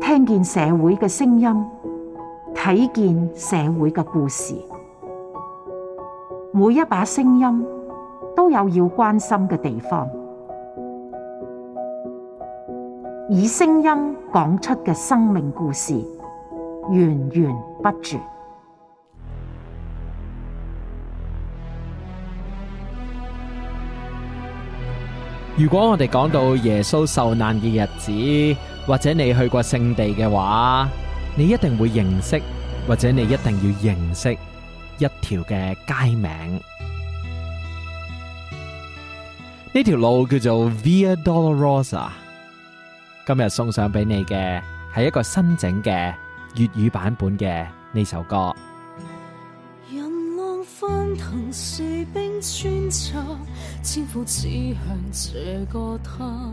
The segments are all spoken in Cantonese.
聽見社會嘅聲音，睇見社會嘅故事，每一把聲音都有要關心嘅地方。以聲音講出嘅生命故事源源不絕。如果我哋講到耶穌受難嘅日子。或者你去過聖地嘅話，你一定會認識，或者你一定要認識一條嘅街名。呢條路叫做 Via Dolorosa。今日送上俾你嘅係一個新整嘅粵語版本嘅呢首歌。人浪翻騰，士兵穿插，千夫指向這個他。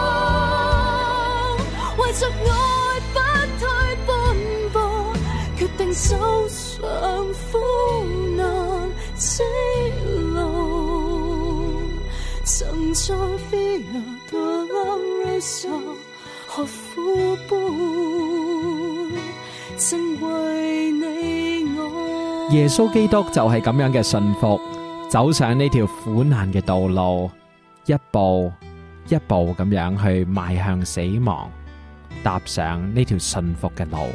耶穌基督就係咁樣嘅信服，走上呢條苦難嘅道路，一步一步咁樣去邁向死亡。踏上呢條順服嘅路，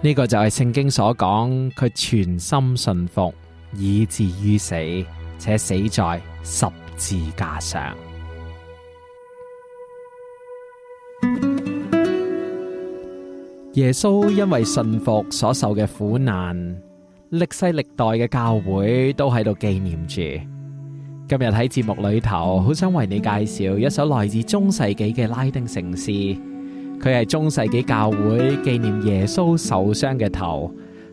呢個就係聖經所講，佢全心順服，以至於死，且死在十字架上。耶穌因為信服所受嘅苦難，歷世歷代嘅教會都喺度紀念住。今日喺節目裏頭，好想為你介紹一首來自中世紀嘅拉丁聖詩。佢係中世紀教會紀念耶穌受傷嘅頭，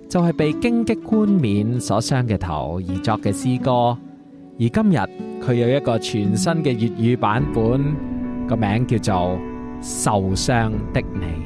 就係、是、被荊棘冠冕所傷嘅頭而作嘅詩歌。而今日佢有一個全新嘅粵語版本，個名叫做《受傷的你》。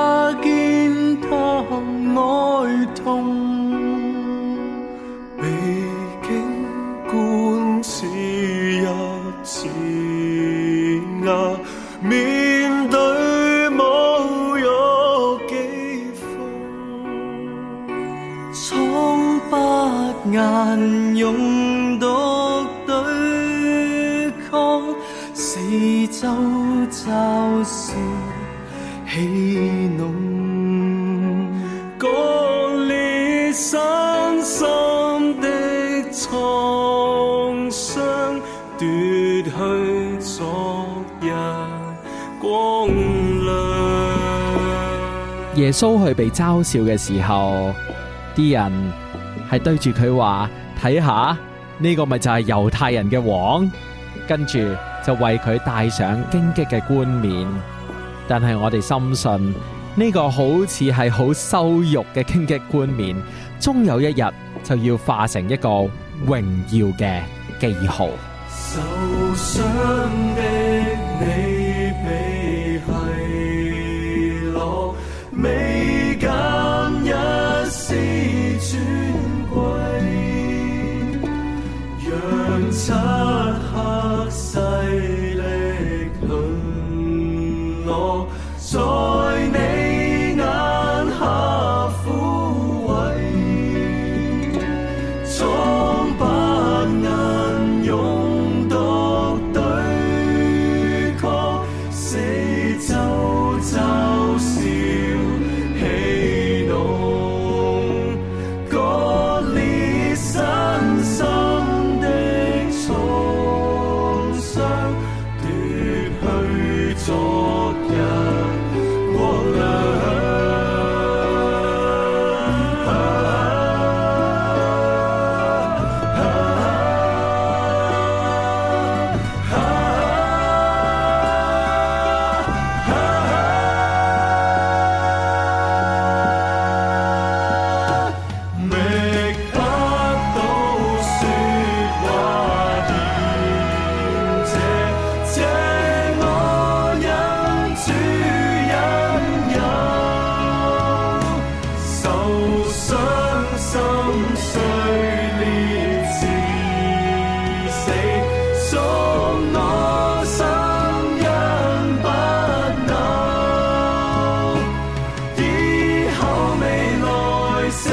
身心的創傷奪去昨日光亮。耶穌去被嘲笑嘅時候，啲人係對住佢話：睇下呢個咪就係猶太人嘅王？跟住就為佢戴上荊棘嘅冠冕。但係我哋深信呢個好似係好羞辱嘅荊棘冠冕，終有一日就要化成一個榮耀嘅記號。受傷的你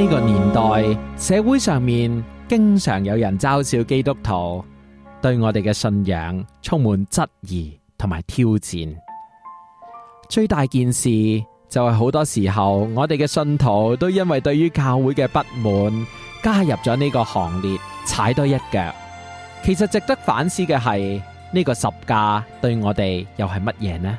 呢個年代，社會上面經常有人嘲笑基督徒，對我哋嘅信仰充滿質疑同埋挑戰。最大件事就係好多時候，我哋嘅信徒都因為對於教會嘅不滿，加入咗呢個行列，踩多一腳。其實值得反思嘅係呢個十架對我哋又係乜嘢呢？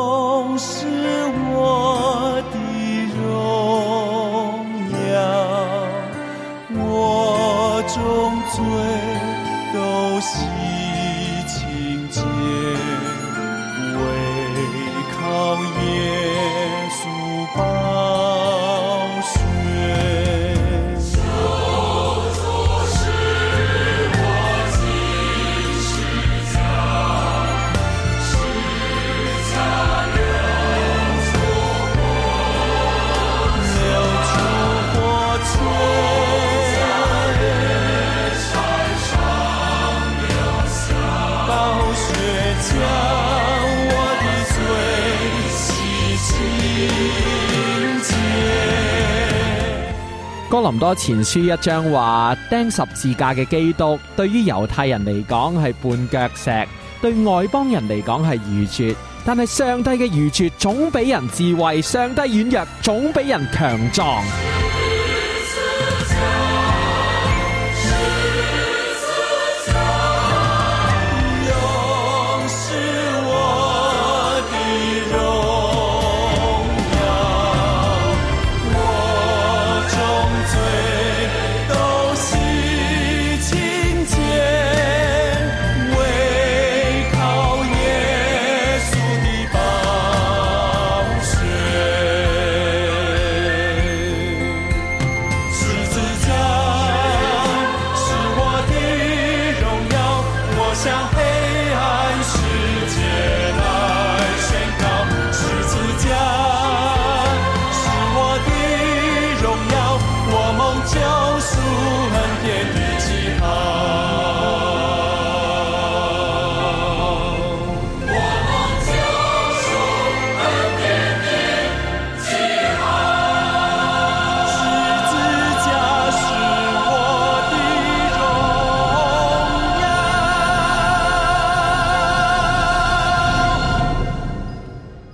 多林多前書一章話：釘十字架嘅基督，對於猶太人嚟講係絆腳石，對外邦人嚟講係愚拙。但係上帝嘅愚拙總比人智慧，上帝軟弱總比人強壯。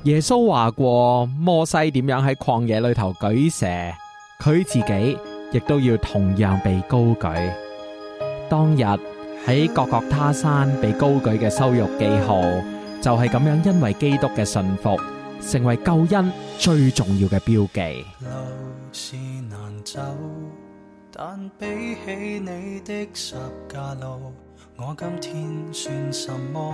耶穌話過，摩西點樣喺曠野裏頭舉蛇，佢自己亦都要同樣被高舉。當日喺各各他山被高舉嘅羞辱記號，就係、是、咁樣，因為基督嘅信服，成為救恩最重要嘅標記。路是難走，但比起你的十架路，我今天算什麼？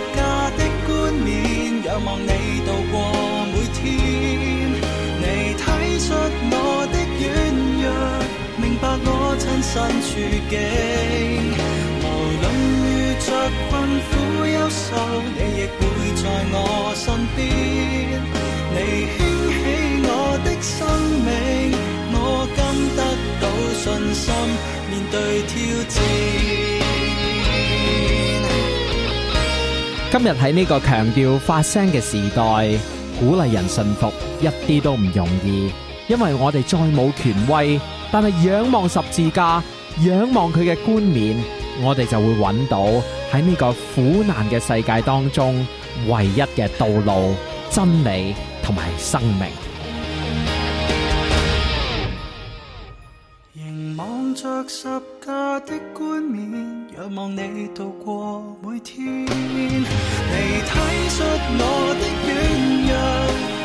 今日喺呢個強調發聲嘅時代，鼓勵人信服一啲都唔容易，因為我哋再冇權威。但係仰望十字架，仰望佢嘅冠冕，我哋就會搵到喺呢個苦難嘅世界當中唯一嘅道路、真理同埋生命。凝望着十字架的冠冕，仰望你度過每天，你睇出我的軟弱，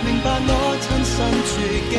明白我親身處境，